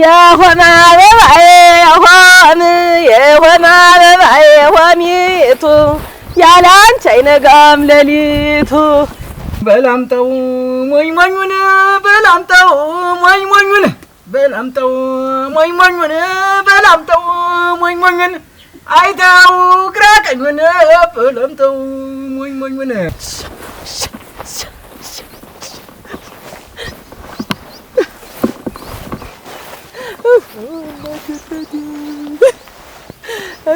የሆነ አበባዬ የሆን የሆነ አበባዬ ሆሚቱ ያለ አንቺ አይነጋም ሌሊቱ በላምጠው ሞኝ ሞኙን በላምጠው ሞኝ ሞኙን በላምጠው ሞኝ ሞኙን በላምጠው ሞኝ ሞኙን አይተው ግራ ቀኙን በላምጠው ሞኝ ሞኙን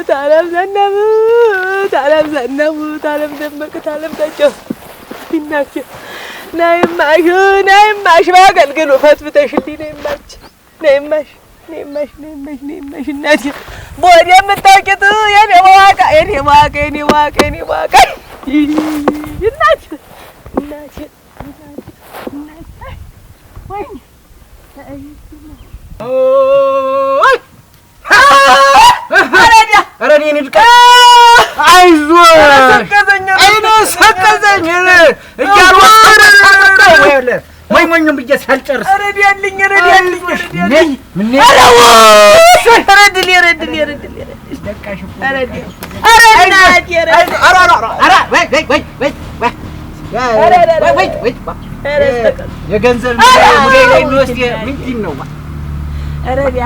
ታለም ዘነብ፣ ታለም ዘነብ፣ ታለም ደመቀ፣ ታለም ታጨው ይናክ ናይማሽ፣ ናይማሽ ባገልግሉ ፈትፍተሽልኝ ናይማች፣ ናይማሽ፣ ናይማሽ፣ ናይማሽ፣ ናይማሽ እናቴ ቦድ የምታውቂት የኔ መዋቃ፣ የኔ መዋቃ፣ የኔ መዋቃ፣ የኔ መዋቃ እናቴ፣ እናቴ የገንዘብ ሙዳይ ላይ የሚወስድ ምንድን ነው? ረዲያ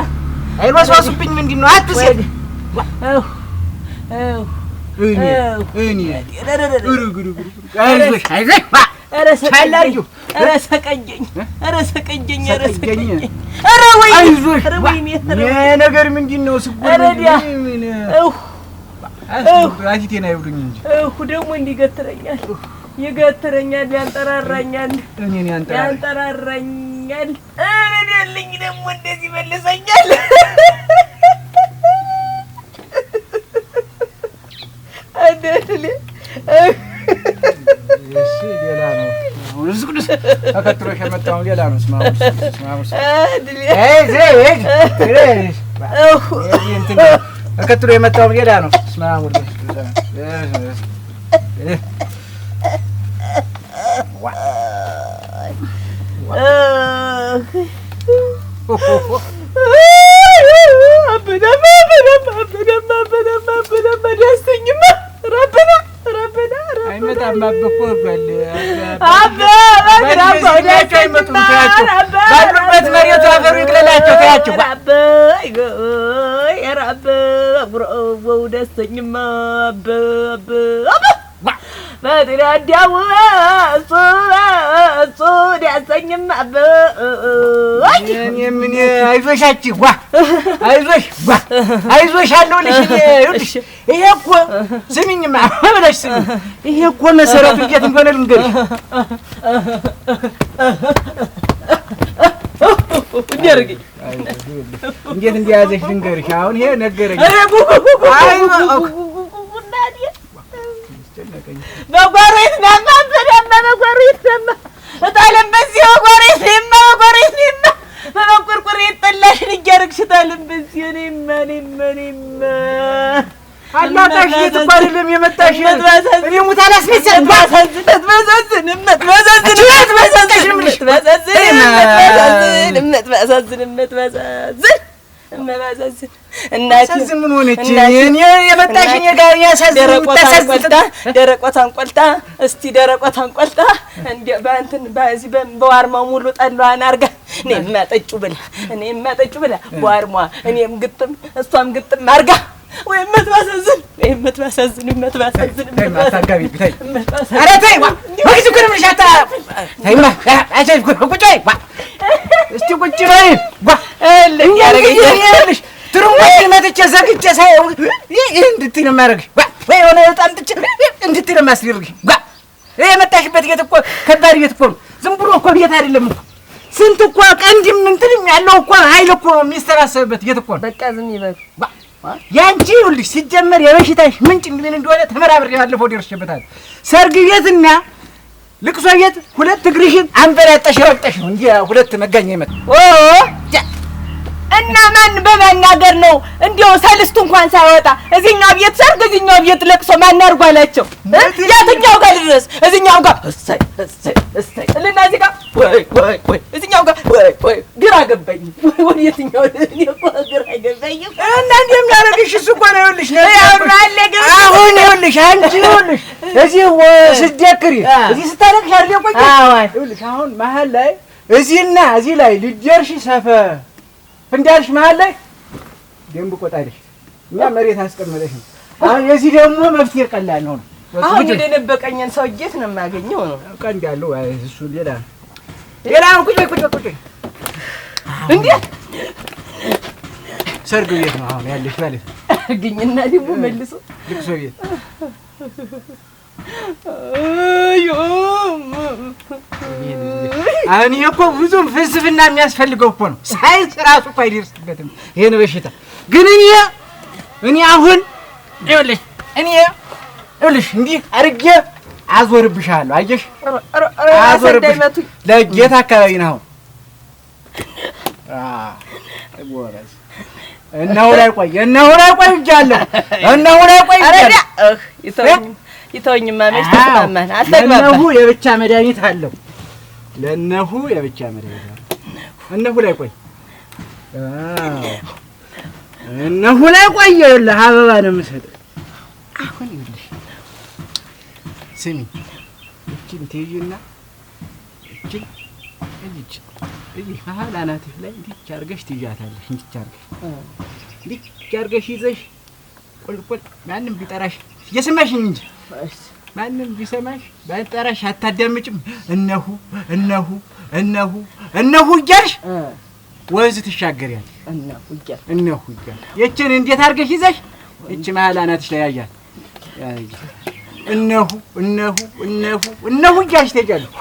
አይባስባሱብኝ ምንድን ነው? አትሴት ነገር ምንድን ነው? ስጎ ራቲቴን አይብሉኝ እንጂ ደግሞ እንዲገትረኛል ይገትረኛል፣ ያንጠራራኛል፣ እኔን ያንጠራራኛል። እኔን ያለኝ ደግሞ እንደዚህ መልሰኛል። አደትል እሺ፣ ሌላ ነው። ተከትሎ የመጣሁን ሌላ ነው። ደስተኝማ ምን አይዞሽ ጓ አይዞሽ ጓ አይዞሽ አለሁልሽ። ይኸውልሽ ይሄ እኮ ስሚኝማ ብለሽ ስሚኝ። ይሄ እኮ መሰረቱ እንዴት እንደሆነ ልንገርሽ። እንዴት እንደያዘሽ ልንገርሽ። አሁን ይሄ ነገረኝ። በጓሮ ይስማማ በጓሮ ይስማማ እጣልም በዚህ በጓሮ ይስማማ በጓሮ ይስማማ በመቆርቆር የጠላሽን እያደረግሽ በዚህ እኔማ እኔማ እኔማ አላጣሽ የትም አይደለም የመጣሽ እኔ ሙት አላስመሰልም። መትመሰዝን መትመሰዝን መትመሰዝን መትመሰዝን መትመሰዝን እመባዛዝን እናቴ ምን ሆነች? እኔ የመጣሽ እኔ ጋር ደረቆታን ቆልጣ እስቲ ደረቆታን ቆልጣ እንደ በእንትን በዚህ በዋርማው ሙሉ ጠላዋን አድርጋ እኔማ ጠጩ ብላ እኔማ ጠጩ ብላ በዋርማ እኔም ግጥም እሷም ግጥም አድርጋ ወይም መትባሳዝን ወይም መትባሳዝን መትባሳዝን መትባሳዝን እስቲ ቁጭ በይ ልሽ ትሩንጓሽን መጥቼ ዘግቼ ሳይሆን ይህ እንድትይ ነው የማደርግሽ። ወይ የሆነ በጣም ጥቼ እንድትይ ነው የማስደርግሽ። ይህ የመጣሽበት ቤት እኮ ከባድ ቤት እኮ ነው። ዝም ብሎ እኮ ቤት አይደለም እኮ ስንት እኮ ቀንድም እንትንም ያለው እኮ ኃይል እኮ የሚሰራሰብበት ቤት እኮ ነው። በቃ ዝም ይበሉ። ያንቺ ይኸውልሽ ሲጀመር የበሽታሽ ምንጭ እንግዲህ እንደሆነ ተመራምሬ ባለፈው ደርሼበታለሁ። ሰርግ ቤትና ልቅሶ ቤት ሁለት እግርሽን አንበላጠሽ ረግጠሽ ነው እንዲህ ሁለት መጋኛ ይመጣ እና ማን በመናገር ነው እንዲያው ሰልስቱ እንኳን ሳይወጣ እዚህኛው ቤት ሰርግ፣ እዚህኛው ቤት ለቅሶ ማን አርጓላቸው? አላቸው? የትኛው ጋር ልድረስ? እዚህኛው ጋር እሰይ እሰይ እሰይ እልና እዚህ ጋር ወይ ወይ ወይ እዚህኛው ጋር ወይ ወይ ግራ ገባኝ። ወይ ወይ የትኛው እኔ እኮ ግራ ገባኝ። እና እንደሚያደርግሽ እሱ እኮ ነው። ይኸውልሽ አሁን ይኸውልሽ አንቺ ይኸውልሽ እዚህ ስደክሪ እዚህ ስታለቅሽ አይደል የቆየሁት። ይኸውልሽ አሁን መሀል ላይ እዚህና እዚህ ላይ ልደርሽ ሰፈ እንዳልሽ መሀል ላይ ደንብ ቆጣልሽ እና መሬት አስቀምጠሽ ነው። አሁን የዚህ ደግሞ መፍትሄ ቀላል ነው። አሁን የደነበቀኝን ሰው እየት ነው የማገኘው? ነው ቀንድ ያለው እሱ ሌላ ሌላ ነው። ቁጭ ቁጭ ቁጭ እንዴት ሰርግ ቤት ነው አሁን ያለሽ ማለት ነው። ግኝና ደግሞ መልሶ ልቅሶ ቤት እኔ እኮ ብዙም ፍልስፍና የሚያስፈልገው እኮ ነው። ሳይንስ ራሱ እኮ አይደርስበትም ይህን በሽታ። ግን እኔ እኔ አሁን ይኸውልሽ እኔ ይኸውልሽ እንዲህ አድርጌ አዞርብሻለሁ። አየሽ፣ አዞርብሽ ለጌታ አካባቢ ነው። ጎበዝ እነሆ ላይ ቆይ፣ እነሆ ላይ ቆይ እጃለሁ፣ እነሆ ላይ ቆይ ይተውኝማ ማመሽ ተስማማን? አልተግባባን። ለነሁ የብቻ መድኃኒት አለው። ለነሁ የብቻ መድኃኒት አለው። እነሁ ላይ ቆይ፣ እነሁ ላይ ቆይ። ይኸውልህ አበባ ነው የምሰጥህ። አሁን ይኸውልሽ፣ ስሚ፣ እችን ትይዥና እችን እዚች እዚህ መሀል አናትሽ ላይ እንዲች አድርገሽ ትይዣታለሽ። እንዲች አድርገሽ እንዲች አድርገሽ ይዘሽ ቁልቁል ማንም ቢጠራሽ የስማሽን እንጂ ማንም ቢሰማሽ ባልጠራሽ አታዳምጭም። እነሁ እነሁ እነሁ እነሁ እያልሽ ወንዝ ትሻገሪያለሽ። እነሁ እያልሽ እነሁ እያልሽ ይችን እንዴት አድርገሽ ይዘሽ ይች መሀል አናትሽ ላይ ያያል። እነሁ እነሁ እነሁ እነሁ እያልሽ ትሄጃለሽ።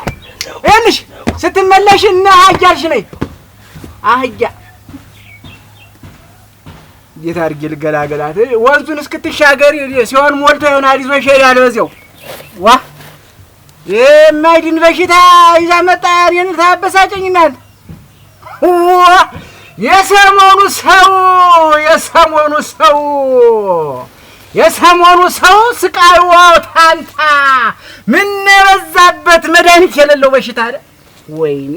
ይኸውልሽ ስትመለሽ እነ አህያ እያልሽ ነይ አህያ እንዴት አድርጌ ልገላገላት? ወንዙን እስክትሻገር ሲሆን ሞልቶ ይሆናል ይዞሽ ይሄዳል። በዚያው ዋ የማይድን በሽታ ይዛ መጣ። እኔን ታበሳጨኝናል። የሰሞኑ ሰው የሰሞኑ ሰው የሰሞኑ ሰው ስቃይዋ ታንታ ምን የበዛበት መድኃኒት የሌለው በሽታ አለ። ወይኔ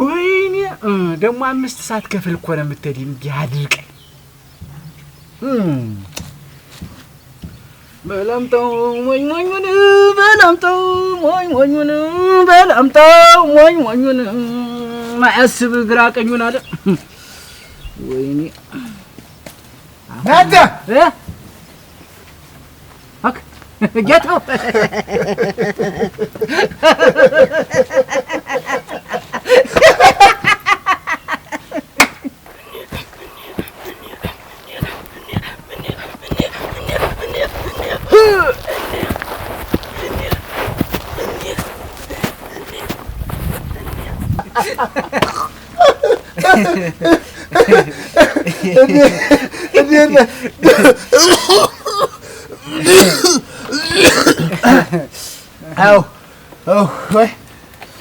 ወይ ደግሞ አምስት ሰዓት ከፍል እኮ ነው የምትሄድ። እንዲህ አድርቀኝ በላምጠው ሞኝ ሞኙን ማያስብ ግራ ቀኙን አለ። ወይኔ አንተ አክ ጌታው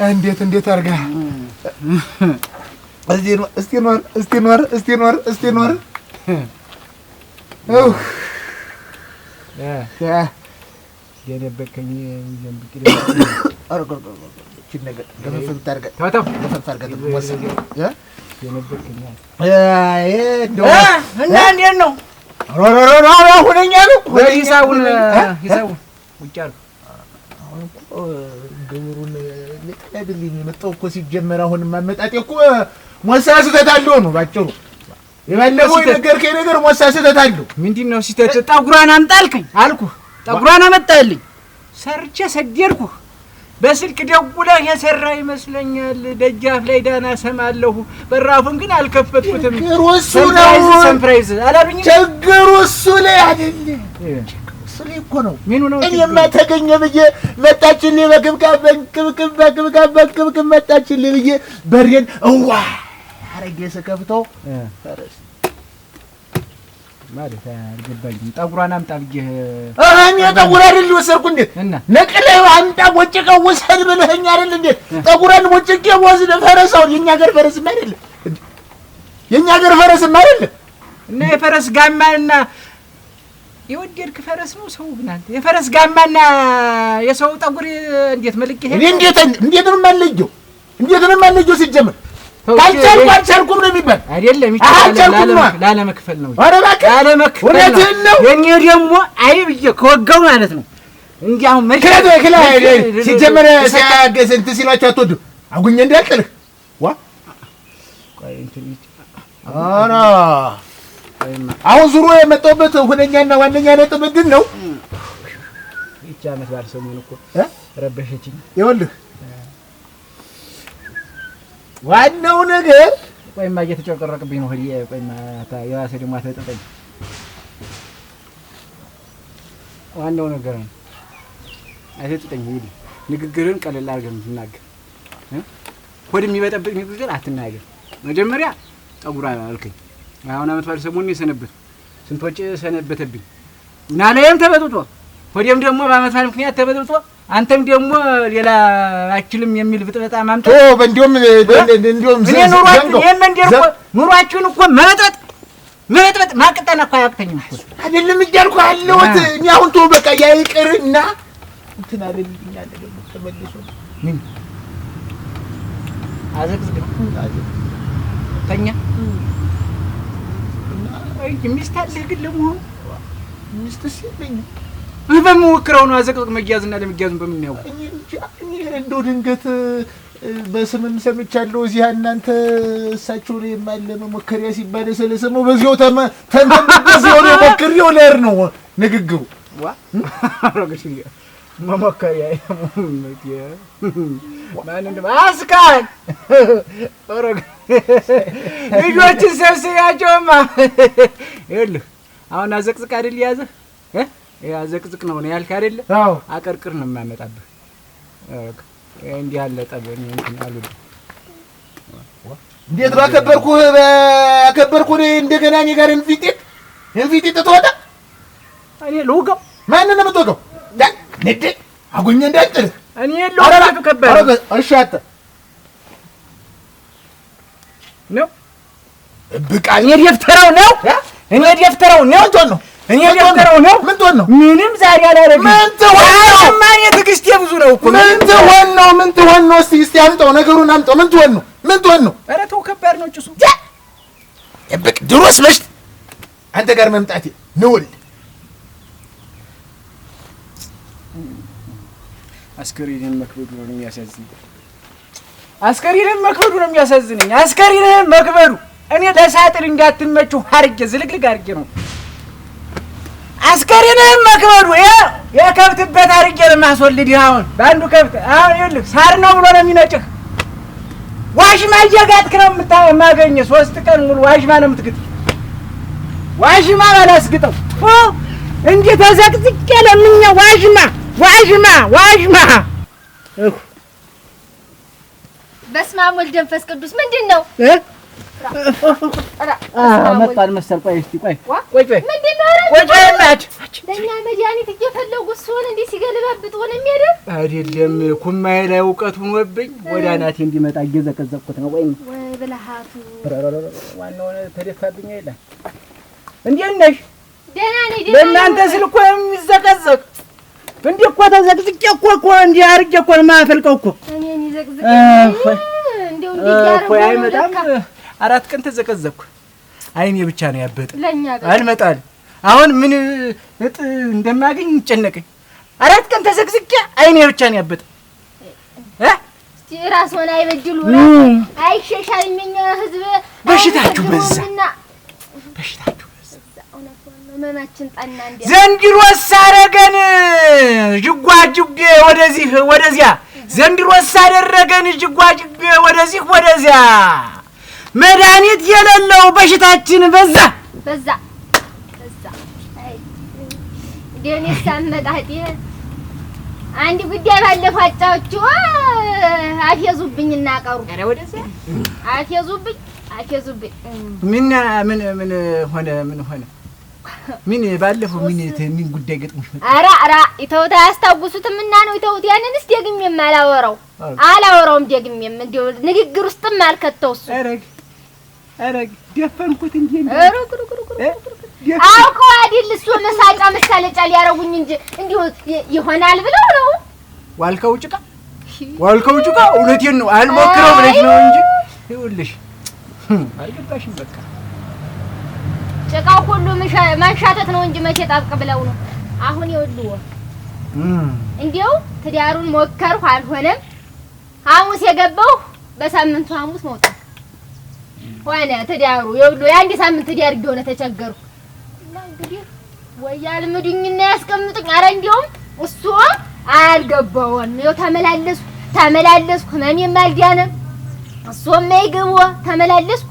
እንዴት እንዴት አድርጋ እስቲ ኖር እስቲ ኖር እስቲ ኖር እስቲ ኖር የነበከኝ ይቺን ነገር ገፈፈት አድርገህ ተው ገፈፈት አድርገህ አሁን እኮ እኮ ሞሳ ስህተት አለው ነው ባጭሩ። የባለፈው የነገርከኝ ነገር ሞሳ ስህተት አለው። ምንድን ነው ስህተት? ጠጉሯን አምጣ አልከኝ አልኩህ። ጠጉሯን አመጣልኝ ሰርቼ ሰደድኩህ በስልክ ደውለህ የሰራ ይመስለኛል። ደጃፍ ላይ ዳና ሰማለሁ፣ በራፉን ግን አልከፈትኩትም። ሰንፕራይዝ አላሉኝ። ችግሩ እሱ ላይ አይደለም፣ እሱ ላይ እኮ ነው። ምኑ ነው? እኔማ ተገኘ ብዬ መጣችልኝ፣ በክብካብ በክብክብ በክብካብ በክብክብ መጣችልኝ ብዬ በሬን እዋ አረጌ ስከፍተው ፈረስ ማለት አልገባኝም። ጠጉሯን አምጣ ብዬሽ እኔ ጠጉር አይደል ወሰድኩ እንዴ? ነቅለህ አምጣ ቦጭቀው ውሰድ ብለኸኝ አይደል እንዴ? ጠጉሯን ቦጭቄ ወስድ ፈረሳውን የእኛ ሀገር ፈረስማ አይደለም የእኛ ሀገር ፈረስማ አይደለም እና የፈረስ ጋማ የወደድክ ፈረስ ነው ሰው ብናንተ የፈረስ ጋማና የሰው ጠጉር እንዴት መልክ ይሄ እንዴት እንዴት ነው የማለየው? እንዴት ነው የማለየው ሲጀምር ካልቻልኩ አልቻልኩም ነው የሚባል አይደለም። ላለመክፈል ነው እውነትህን ነው። የእኔ ደግሞ አይ ብዬሽ ከወጋው ማለት ነው። እንደ አሁን ሲጀመር እንትን ሲሏቸው አትወድም አጉኝ እንዳልጥልህ ዋ አሁን ዙሮ የመጣሁበት ሁነኛና ዋነኛ ነጥብ ምንድን ነው? ይህች ዓመት ባልሰሞን እኮ ረበሸችኝ። ይኸውልህ ዋናው ነገር ቆይማ እየተጨቀረቅብኝ ነው። ቆይማ የራሴ ደግሞ አትለጥጠኝ። ዋናው ነገር ነው አይሰጥጠኝ። እንግዲህ ንግግርን ቀለል አድርገህ የምትናገር ሆድ የሚበጠብጥ ንግግር አትናገር። መጀመሪያ ጠጉር አልከኝ። አሁን አመት ባል ሰሞኑን የሰነበት ስንቶች ሰነበተብኝ እና ተበጥጦ ሆዴም ደግሞ በአመት ባል ምክንያት ተበጥጦ አንተም ደግሞ ሌላ አችልም የሚል ብጥበጣ ማምጣት እንዲሁም እንዲሁም ኑሯችሁን እኮ መበጥበጥ መበጥበጥ ማቅጠን እኮ አያቅተኝም አይደለም እያልኩ ያለሁት እኔ አሁን ተወው በቃ ያይቅርና እንትን አለልኝ ደግሞ ተመልሶ ምን አዘቅዝቅ ተኛ ሚስት አለህ ግን ለመሆኑ በምሞክረው ነው አዘቅዘቅ መያዝና ለመያዙን በምናየው እንደው ድንገት በስምም ሰምቻለሁ እዚህ እናንተ እሳቸው ላይ የማለ መሞከሪያ ሲባል ስለሰማሁ በዚያው ተንተንበዚሆነ ሞክሬው ለር ነው ንግግሩ መሞከሪያ አስካል ልጆችን ሰብስቢያቸውማ ይኸውልህ አሁን አዘቅዝቅ አይደል የያዘህ ዘቅዝቅ ነው ነው ያልክ አይደለ? አዎ አቀርቅር ነው የማመጣብህ። እንዲህ ያለ ጠብ እንትን አሉት። እንዴት ባከበርኩህ ባከበርኩህ እንደገና እኔ ጋር እንፊጢጥ እንፊጤት ተወጣ። እኔ ልውጋው። ማንን ነው የምትወጋው? ንዴ አጉኘ እንዳጥልህ እኔ ልውጋው። ከበረ እሺ፣ አታ ነው ብቃ እኔ ደፍተረው ነው እኔ ደፍተረው ነው እንትን ነው እኔ ደብተረው ነው ምንድን ነው? ምንም ዛሬ አላደረግም። ምን ትሆን ነው? እስኪ እስኪ አምጣው፣ ነገሩን አምጣው። ምን ትሆን ነው? ምን ትሆን ነው? ኧረ ተው፣ ከባድ ነው ጭሱ። ደብቅ ድሮስ መሽት አንተ ጋር መምጣቴ ንውል አስከሬንህን መክበዱ ነው የሚያሳዝን። አስከሬንህን መክበዱ ነው የሚያሳዝንኝ። አስከሬንህን መክበዱ እኔ ለሳጥን እንዳትመችው አድርጌ ዝልግልግ አድርጌ ነው አስከሬንህም መክበዱ የከብትበት አድርጌ ለማስወልድ አሁን በአንዱ ከብት አሁን ይኸውልህ ሳር ነው ብሎ ነው የሚነጭህ። ዋሽማ እየጋጥክ ነው የማገኘህ። ሶስት ቀን ሙሉ ዋሽማ ነው የምትግጥ። ዋሽማ ባላስግጠው እንዲህ ተዘቅዝቄ ለምኛ ዋሽማ ዋሽማ ዋሽማ። በስመ አብ ወልድ መንፈስ ቅዱስ ምንድን ነው? መጣን መሰል። ቆይ እስኪ ቆይ ቆይ ለእኛ መድኃኒት እየፈለጉ እሱን እንዲህ ሲገለባብጡን የሚሄደው አይደለም። ኩማዬ ላይ እውቀቱን ሆኖብኝ ወደ አናቴ እንዲመጣ እየዘቀዘቅኩት ነው። ቆይ ወይ ተደፋብኝ። አይደል እንዴት ነሽ? ደህና ነኝ። ለእናንተ ስል እኮ የሚዘቀዘቅ እንዲህ እኮ ተዘቅዝቄ እኮ እኮ እንዲህ አድርጌ እኮ ማፈልቀው እኮ እኔን ይዘቅዝቅ እንዲሁ እንዲህ አይመጣም አራት ቀን ተዘቀዘብኩ። አይኔ ብቻ ነው ያበጠ። አልመጣል። አሁን ምን እጥ እንደማገኝ ይጨነቀኝ። አራት ቀን ተዘቅዝቄ አይኔ ብቻ ነው ያበጠ። ራስ ራስዎን አይበድሉ፣ አይሸሻል። እኛ ህዝብ በሽታችሁ በዛ፣ በሽታችሁ በዛ። ዘንድሮስ አደረገን ጅጓጅጌ ወደዚህ ወደዚያ፣ ዘንድሮስ አደረገን ጅጓጅጌ ወደዚህ ወደዚያ ዘንድሮ አደረገን ጅጓጅጌ ወደዚህ ወደዚያ መድኃኒት የሌለው በሽታችን በዛ በዛ በዛ። እንደኔ ሳመጣጤ አንድ ጉዳይ ባለፈው አጫዎችው አፌዙብኝና ቀሩ። ኧረ አፌዙብኝ አፌዙብኝ። ምን ምን ሆነ? ምን ሆነ? ምን ባለፈው ምን ምን ጉዳይ ገጥሞሽ አራ ኧረ ኧረ ይተውት አያስታውሱትም እና ነው ይተውት። ያንንስ ደግሜም አላወራው አላወራውም ደግሜም እንዲያው ንግግር ውስጥም አልከተውሱ አረግ ደፈንኩት እንጂ አውቀው አይደል እሱ መሳጫ መሳለጫ ሊያረጉኝ እንጂ እንዲሁ ይሆናል ብለው ነው። ዋልከው ጭቃ ዋልከው ጭቃ፣ እውነቴን ነው አልሞክረው ብለሽ ነው እንጂ ይኸውልሽ፣ አልገባሽም። በቃ ጭቃው ሁሉ ማንሻተት ነው እንጂ መቼ ጣብቅ ብለው ነው። አሁን ይኸውልዎ እንዲያው ትዳሩን ሞከርሁ አልሆነም። ሐሙስ የገባሁ በሳምንቱ ሐሙስ መውጣት ሆነ ትዳሩ ይኸውልህ የአንድ ሳምንት ትዳር እንደሆነ ተቸገርኩ እና እንግዲህ ወይ አልምዱኝና ያስቀምጡኝ። ኧረ እንዲያውም እሱ አልገባውም። ይኸው ተመላለስኩ ተመላለስኩ ህመሜም አልዳነም። እሱ የማይገባ ተመላለስኩ።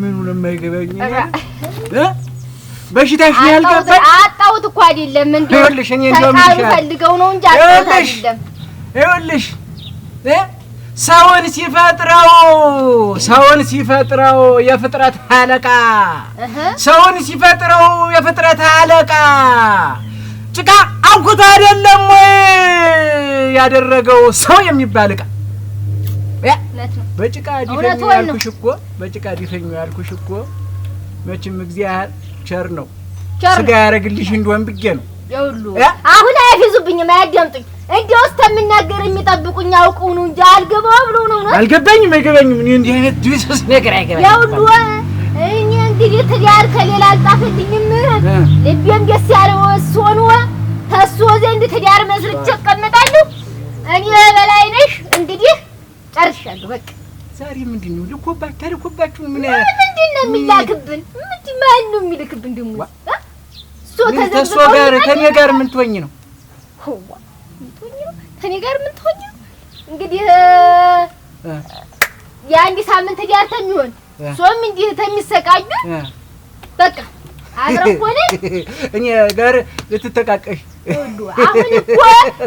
ምኑ ለማይገባኝ በሽታሽ ነው ያልገባኝ። አጣሁት እኮ አይደለም እንዴ ይኸውልሽ፣ እኔ እንደውም ይሻላል ፈልገው ነው እንጂ አጣሁት አይደለም። ይኸውልሽ እ ሰውን ሲፈጥረው ሰውን ሲፈጥረው የፍጥረት አለቃ ሰውን ሲፈጥረው የፍጥረት አለቃ ጭቃ አውኩቶ አይደለም ወይ ያደረገው ሰው የሚባል እቃ በጭቃ ዲፈኙ ያልኩሽ እኮ በጭቃ ዲፈኙ ያልኩሽ እኮ መቼም እግዚአብሔር ቸር ነው። ስጋ ያደረግልሽ እንደሆን ብጌ ነው። አሁን አይፊዙብኝም፣ አያዳምጡኝ እንዲያው እስከምናገር የሚጠብቁኝ አውቀው ነው እንጂ አልገባው ብሎ ነው ነው። አልገባኝም፣ አይገባኝም። እኔ እንዲህ አይነት ድብስብስ ነገር አይገባኝም። ያው ሁሉ እኔ እንግዲህ ትዳር ከሌላ አልጣፈልኝም። ልቤም ደስ ያለው እሱ ሆኖ ከእሱ ዘንድ ትዳር መስርቼ እቀመጣለሁ። እኔ በላይ ነሽ እንግዲህ ጨርሻለሁ። በቃ ዛሬ ምንድን ነው ልኮባት ታልኮባችሁ? ምን ምንድን ነው የሚላክብን? ምንድን ማን ነው የሚልክብን? ደግሞ እሱ ተዘብቶ ጋር ከኔ ጋር ምን ትሆኝ ነው ሆዋ ከኔ ጋር ምን ትሆኝ እንግዲህ የአንድ ሳምንት ጋር ተሚሆን ሶም እንዲህ ተሚሰቃዩ በቃ አብረን እኔ ጋር ልትተቃቀሽ አሁን እኮ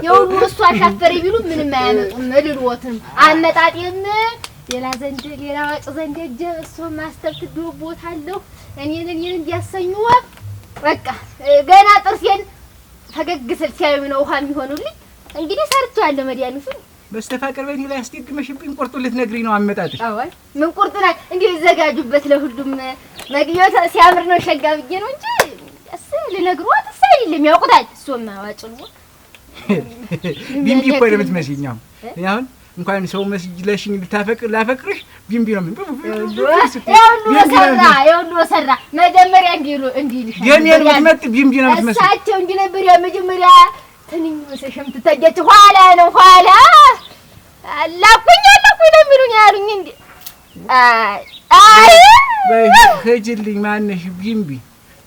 የሁሉ እሱ አሻፈረኝ ቢሉ ምንም አያመጡም። እልልዎትም አመጣጤም ሌላ ዘንድ ሌላ ዋጭ ዘንድ እጀ እሱ ማስተር ትድቦታለሁ እኔን እኔን እንዲያሰኙ በቃ ገና ጥርሴን ፈገግ ስል ሲያዩ ነው ውሃ የሚሆኑልኝ እንግዲህ ሰርቻለሁ። መድኃኒቱን በስተፋቀር በእኔ ላይ አስደግመሽብኝ ቁርጡን ልትነግሪኝ ነው አመጣትሽ? አዋይ ምን ቁርጥ ናት? እንዲሁ ይዘጋጁበት ለሁሉም መግቢያው ሲያምር ነው ሸጋ ብዬ ነው እንጂ እስ ልነግሯት እስ አይልም ያውቁታል። እሱም አዋጭ ነው። ቢምቢ እኮ ነው የምትመስይኝ አሁን አሁን እንኳን ሰው መስጅ ለሽኝ ልታፈቅር ላፈቅርሽ ቢምቢ ነው ምን ያውሉ ሰራ መጀመሪያ እንዲሉ እንዲልሽ የኔን ምትመጥ ቢምቢ ነው የምትመስል እሳቸው እንዲህ ነበር ያ መጀመሪያ ትንኝ ተሸምትታያች ኋላ ነው ኋላ አላኩኝ አላኩኝ ነው የሚሉኝ አሉኝ። እንደ አይ በይ ሂጂልኝ፣ ማነሽ ቢምቢ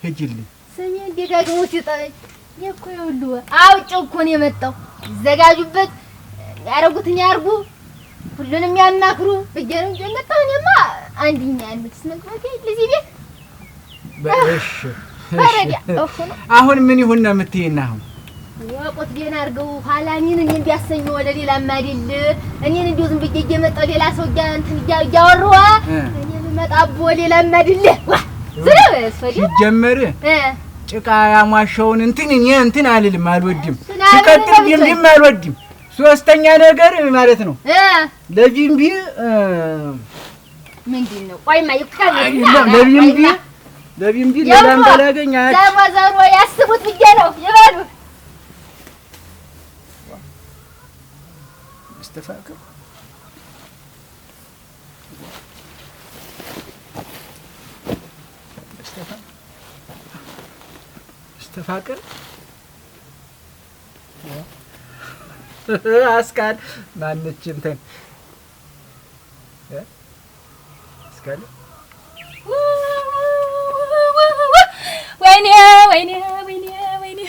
ሂጂልኝ። ስሚ እንደ ደግሞ ሲጠበኝ እኔ እኮ ይኸውልህ እኮ ነው የመጣው። ይዘጋጁበት፣ ያደረጉትን ያድርጉ፣ ሁሉንም ያናክሩ ብዬሽ ነው እኔማ አንድኛ ያልኩት ስነግሮት ለዚህ ቤት በረዳ አሁን ምን ይሁን ነው የምትይኝ አሁን ወቁት ገና አድርገው ኋላ እኔን እኔን ቢያሰኘው ወደ ሌላ ማዲል እኔን እንዲሁ ዝም ብዬ እየመጣሁ ሌላ ሰው እንትን እያወራሁ እኔን መጣ ወደ ሌላ ማድል ሲጀመር ጭቃ ያሟሻውን እንትን እኔ እንትን አልልም አልወድም። ሲቀጥል ቢምቢም አልወድም። ሶስተኛ ነገር ማለት ነው ለቢምቢ ምንድን ነው ቆይማ ለቢምቢ ለቢምቢ ሌላ እንዳላገኝ ዘሮ ዘሮ ያስቡት ብዬ ነው ይበሉ ተሳቅም መስተፋቅር አስካል ማነች እንትን አስካል ወይኔ ወይኔ ወይኔ ወይኔ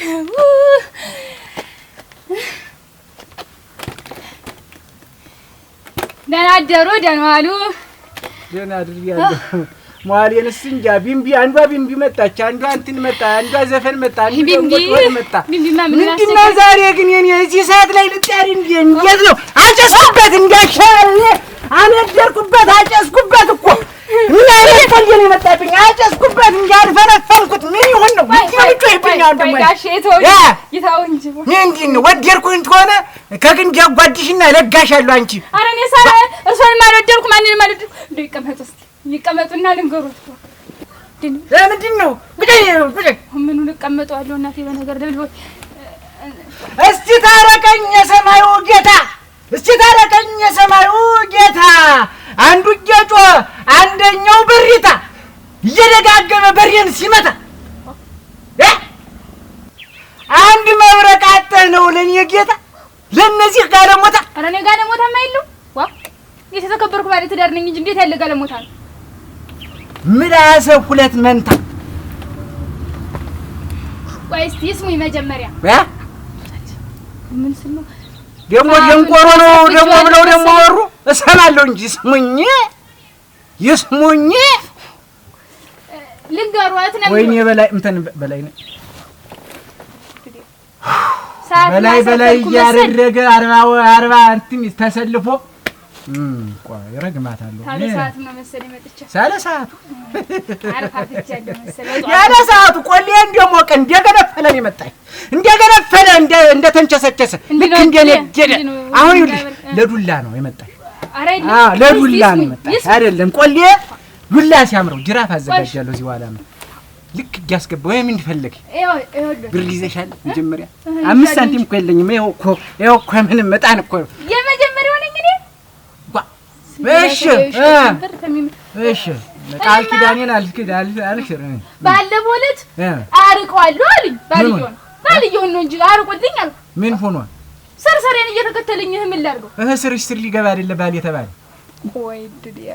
ደህና አደሩ፣ ደህና ዋሉ። ደህና አድር ያለው መዋሌንስ እንጃ። ቢምቢ አንዷ ቢንቢ መጣች፣ አንዷ እንትን መጣ፣ አንዷ ዘፈን መጣ፣ አንዷ ወጥ መጣ። ምንድን ነው ዛሬ ግን የኔ እዚህ ሰዓት ላይ ልጣሪ እንዴት ነው? አጨስኩበት፣ እንዳሻለ አነደርኩበት፣ አጨስኩበት እኮ ምን የመጣብኝ? አጨስኩበት እንጂ አልፈነፈንኩት። ምን ይሁን ነው ይጮህብኛል? እንዲህ ነው ወደድኩኝ እንደሆነ ከግንድ ያጓድሽና እለጋሻለሁ። አንቺ ኧረ እኔ እሷንም አልወደድኩም ማንንም አልወደድኩም። እንደው ይቀመጡ እስኪ ይቀመጡና ልንገሩት። ምንድን ነው ምኑ ልቀመጠዋለሁ? እናቴ በነገር ደብድቦት እስኪ ታረቀኝ የሰማዩ ጌታ፣ እስኪ ታረቀኝ የሰማዩ ጌታ አንዱ እየጮኸ አንደኛው በሪታ እየደጋገመ በሬን ሲመታ አንድ መብረቅ አጠህ ነው ለእኔ ጌታ ለእነዚህ ጋለሞታ። ኧረ እኔ ጋለሞታማ የለው ዋ የተከበርኩ ባለ ትዳር ነኝ እንጂ እንዴት ያለ ጋለሞታ ነው። ምላሰ ሁለት መንታ ቆይ እስኪ ስሙኝ መጀመሪያ ምን ስል ነው ደግሞ ደንቆሮ ነው ደግሞ ብለው ደግሞ ወሩ እሰማለሁ እንጂ ስሙኝ ይስሙኝ። ልንገሯት ነው ወይኔ በላይ እንትን በላይ ነው በላይ በላይ እያደረገ አርባ አርባ እንትን ተሰልፎ ይረግማታል። ሳለ ሰዓቱ ያለ ሰዓቱ ቆሌ እንደሞቀ እንደገነፈለ ነው የመጣኝ። እንደገነፈለ እንደተንቸሰቸሰ ልክ እንደነገደ። አሁን ይኸውልሽ ለዱላ ነው የመጣኝ። ለዱላ ነው የመጣኝ አይደለም። ቆሌ ዱላ ሲያምረው ጅራፍ አዘጋጃለሁ እዚህ በኋላ ነው ልክ እያስገባ ወይም እንድፈለግ ብር ይዘሻል። መጀመሪያ አምስት ሳንቲም እኮ የለኝም። ይኸው እኮ ምንም መጣን እኮ ቃል ኪዳኔን አልሽርም። ባለፈው ዕለት አርቀዋለሁ አሉኝ። ባልየውን ባልየውን ነው እንጂ አልኩ። ምን ሆኗል? ሰርሰሬን እየተከተለኝ ምን ላድርገው? እህ ስርሽ ስር ሊገባ አይደለ ባል የተባለ ወይ ድያ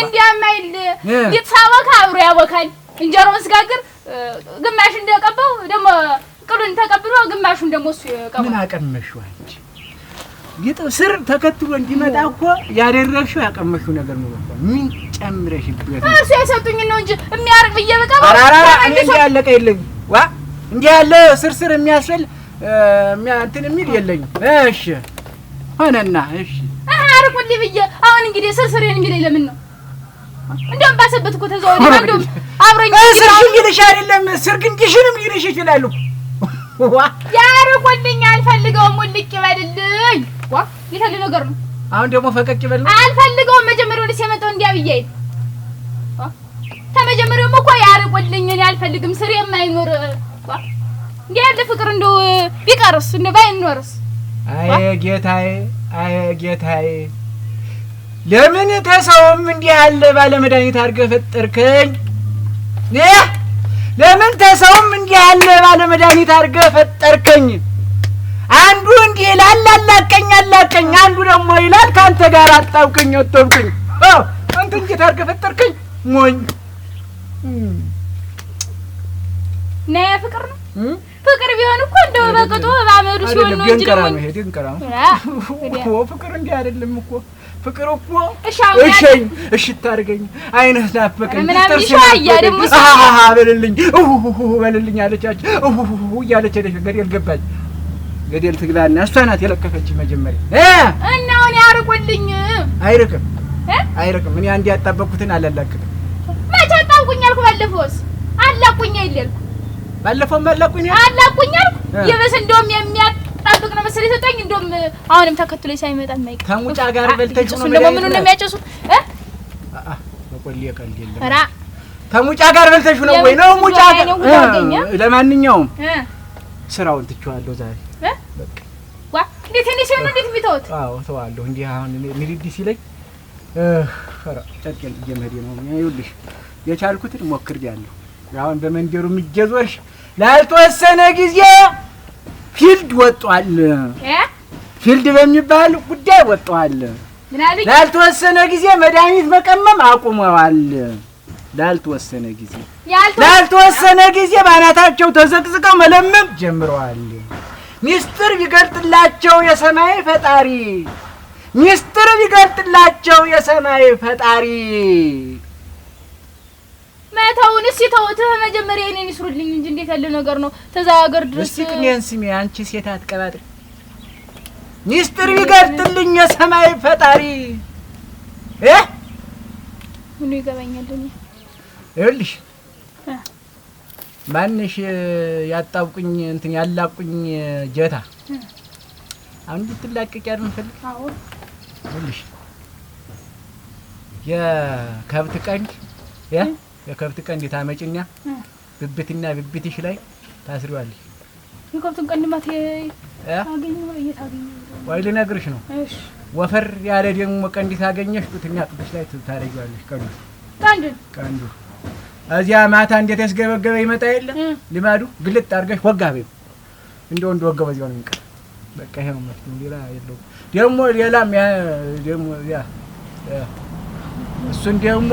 እንዲያማ ይል አብሮ ያወካል። እንጀራውን ስጋግር ግማሽ እንደቀባው ደግሞ ቅሉን ተቀብሎ ግማሹን ደግሞ እሱ ምን አቀመሽው አንቺ ቢጥብ ስር ተከትሎ እንዲመጣ እኮ ያደረግሽው ያቀመሽው ነገር ነው። ምን ጨምረሽበት እሱ የሰጡኝ ነው እንጂ የሚያርቅ ብዬ በጣም እንዲህ ያለቀ የለኝም። ዋ እንዲህ ያለ ስር የሚያስል እንትን የሚል የለኝም። እሺ ሆነና እሺ አርቁልኝ ብዬ አሁን እንግዲህ ስር ስር ለምን ነው? እንደውም ባሰበት እኮ ተዘዋወደ። አብሮኝ ስር ግንድሽ አይደለም ስር ግንድሽንም ሊልሽ ይችላሉ ያርቁልኝ፣ አልፈልገውም። ውልቅ ይበልልኝ። ዋ የተለ ነገር ነው። አሁን ደግሞ ፈቀቅ ይበል። አልፈልገውም። መጀመሪያውን ልስ የመጣው እንዲያ ብዬሽ ተመጀመሪያውም እኮ ያርቁልኝ፣ እኔ አልፈልግም። ስር የማይኖር ዋ እንዲህ ያለ ፍቅር እንደው ቢቀርስ እንደው ባይኖርስ? አይ ጌታዬ፣ አይ ጌታዬ፣ ለምን ተሰውም እንዲህ ያለ ባለመድኃኒት አድርገህ ፈጠርከኝ? ለምን ተሰውም እንዲህ ያለ ባለመድኃኒት አድርገህ ፈጠርከኝ? አንዱ እንዲህ ይላል አላቀኝ አላቀኝ፣ አንዱ ደግሞ ይላል ከአንተ ጋር አጣብቀኝ አጣብቀኝ። አንተ እንዴት አድርገህ ፈጠርከኝ? ሞኝ ነያ ፍቅር ነው ፍቅር ቢሆን እኮ እንደው በቅጡ በአመዱ ሲሆን ነው እንጂ ነው። ፍቅር እንዲህ አይደለም እኮ ፍቅር እኮ እሸኝ እሽት አድርገኝ አይንህ ናፈቀኝ በልልኝ በልልኝ አለቻች እያለች ሄደች ገደል ገባች። ገደል ትግባና እሷ ናት የለከፈች መጀመሪያ እና አሁን ያርቁልኝ። አይርቅም አይርቅም። እኔ አንድ ያጣበቅኩትን አላላክም። መቼ አጣብቁኝ አልኩ። ባለፈውስ አላቁኝ አይደል አልኩ። ባለፈውም አላቁኝ አላቁኝ አልኩ። ይብስ እንደውም የሚያ አመት ስለሰጠኝ እንደውም አሁንም ተከትሎ ሳይመጣ ማይቀር ከሙጫ ጋር በልተጭ ነው ደግሞ ምኑን ነው የሚያጨሱ እ የሚያጨሱት? ከሙጫ ጋር በልተሽ ነው ወይ ነው ሙጫ ጋር? ለማንኛውም ስራውን ትቼዋለሁ ዛሬ ዋ እንዴት እኔ ሲሆን እንዴት የሚተውት? አዎ ተዋለሁ። እንዲህ አሁን ንግድ ሲለኝ ጨርቄን ጥዬ መሄዴ ነው። ይኸውልሽ የቻልኩትን ሞክሬያለሁ። አሁን በመንደሩ የሚጀዞሽ ላልተወሰነ ጊዜ ፊልድ ወጧል። ፊልድ በሚባል ጉዳይ ወጧል። ላልተወሰነ ጊዜ መድኃኒት መቀመም አቁመዋል። ላልተወሰነ ጊዜ ላልተወሰነ ጊዜ በአናታቸው ተዘቅዝቀው መለመም ጀምረዋል። ሚስጥር ቢገልጥላቸው የሰማይ ፈጣሪ ሚስጥር ቢገልጥላቸው የሰማይ ፈጣሪ መተውን እስኪ ተውት። መጀመሪያ የእኔን ይስሩልኝ እንጂ እንዴት ያለ ነገር ነው? ተዛ ሀገር ድረስ እስኪ ቅኔን ስሚ አንቺ ሴት አትቀባጥሪ። ሚስጥር ቢገልጥልኝ የሰማይ ፈጣሪ እ ምኑ ይገባኛል ይኸውልሽ ማንሽ ያጣብቁኝ እንትን ያላቁኝ ጀታ አንዱ ትላቀቅ ያድን ፈልግ። አዎ ይኸውልሽ የከብት ቀንድ ያ የከብት ቀንድ ታመጭና ብብትና ብብትሽ ላይ ታስሪዋለሽ። የከብትን ቀንድማ ወይ ልነግርሽ ነው። ወፈር ያለ ደግሞ ቀንድ ታገኘሽ ጡትና ጡትሽ ላይ ታደርጊዋለሽ። ቀንዱ ቀንዱ እዚያ ማታ እንዴት ያስገበገበ ይመጣ የለ ልማዱ ግልጥ አድርገሽ ወጋ በይው። እንደው እንደ ወገበ እዚያው ነው የሚቀር። በቃ ይሄ ነው መፍትሄው፣ ሌላ የለውም። ደግሞ ሌላም ያ ደግሞ ያ እሱን ደግሞ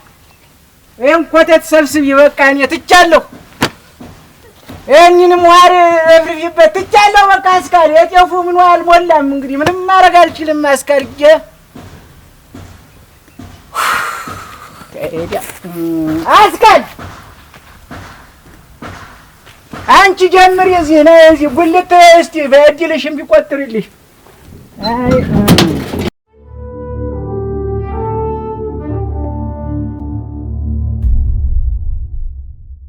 ይህን ኮተት ሰብስብ ይበቃ፣ እኔ ትቻለሁ። ይህንንም ዋር እፍርፊበት ትቻለሁ። በቃ አስካል የጤፉ ምን አልሞላም። እንግዲህ ምንም ማድረግ አልችልም። አስካል ጌ አስካል አንቺ ጀምር የዚህ ነው የዚህ ጉልት እስቲ በእድልሽም ቢቆጥርልሽ